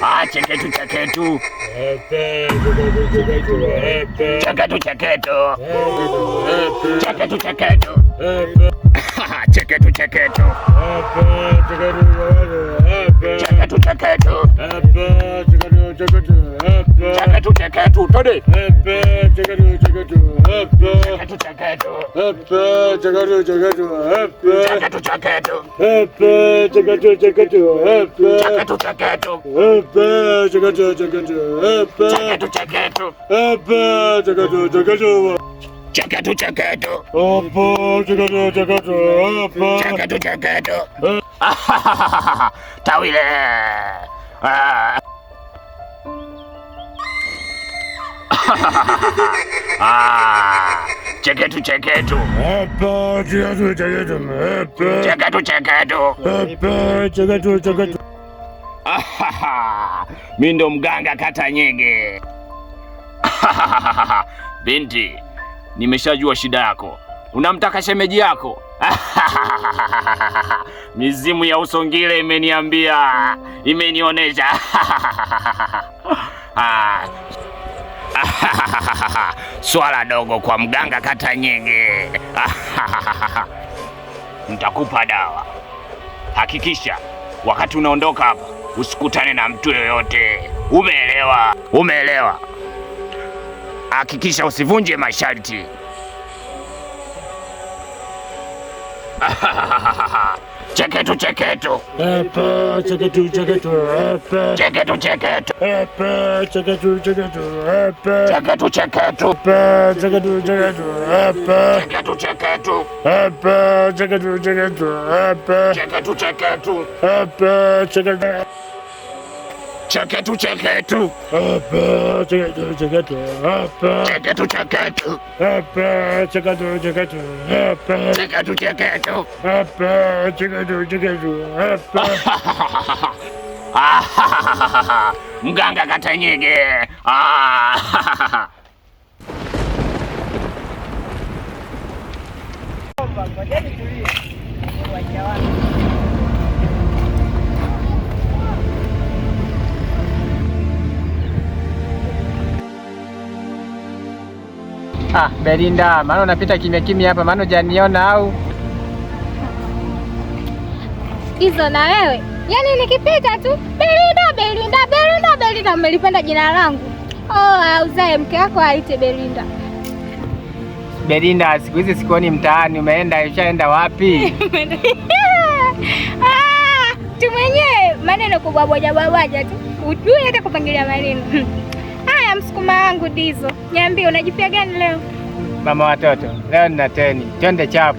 아, 제게도 제게도 제게도 제게도 제게도 제게도 제게도 제게도 제게도 제게도 제게도 제게도 제게도 아빠 작아줘 작아줘 아빠 작아줘 작아줘 아빠 작아줘 작아줘 아빠 작아줘 작아줘 아빠 작아줘 작아줘 아빠 작아줘 작아줘 아빠 작아줘 작아줘 작아줘 작아줘 아빠 작아줘 작아줘 아빠 작아줘 작아줘 아하하하하 다위래 아 아하하하하 아 Cheketu cheketu. Hapa cheketu cheketu. Hapa. Cheketu cheketu. Hapa cheketu cheketu. Ahaha. Mimi ndo mganga kata nyingi. Binti, nimeshajua shida yako. Unamtaka shemeji yako? Mizimu ya Usongile imeniambia, imenionyesha. swala dogo kwa mganga kata nyingi. Nitakupa dawa, hakikisha wakati unaondoka hapa usikutane na mtu yoyote. Umeelewa? Umeelewa? Hakikisha usivunje masharti. Cheketu cheketu. Epe cheketu cheketu. Epe cheketu cheketu. Epe cheketu cheketu. Epe cheketu cheketu. Epe cheketu cheketu. Epe cheketu cheketu. Epe cheketu cheketu. Epe cheketu cheketu. Epe cheketu. 재개두 재개두 아빠 재개두 재개두 아빠 재개두 재개두 아빠 재개두 재개두 아빠 재개두 재개두 아빠 재개두 재개두 아빠 아하하하하하 무감각 같은 얘기 아하하하하 Ah, Belinda, maana unapita kimya kimya hapa, maana hujaniona au? Hizo na wewe. Yaani nikipita tu Belinda, Belinda, Belinda, Belinda umelipenda jina langu. Oh, auzae mke wako aite Belinda. Belinda, siku hizi sikuoni mtaani, umeenda ushaenda wapi? Ah, tu mwenyewe maneno kubwabwaja bwabwaja tu. Ujue hata kupangilia maneno msukuma wangu Dizo, niambie unajipia gani leo? Mama watoto, leo nina teni, twende chapu.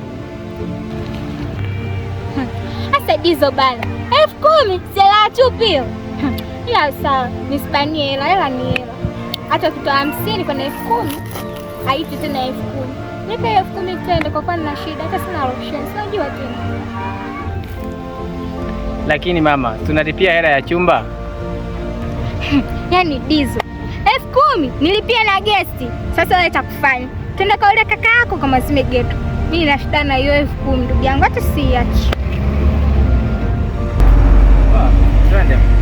Hasa Dizo bana, elfu kumi siela chupi ila sawa, nisipanie hela, hela ni hela. Hata ukitoa hamsini kwenye elfu kumi haiti tena elfu kumi nipe elfu kumi twende, kwa kuwa nina shida, hata sina rosheni, sinajua tena. Lakini mama, tunalipia hela ya chumba. Yaani Dizo elfu kumi nilipia na gesti. Sasa wewe itakufanya tenda kaule kaka yako kama zimegetu. Mimi nina shida na hiyo elfu kumi ndugu yangu, hata siachi. Twende.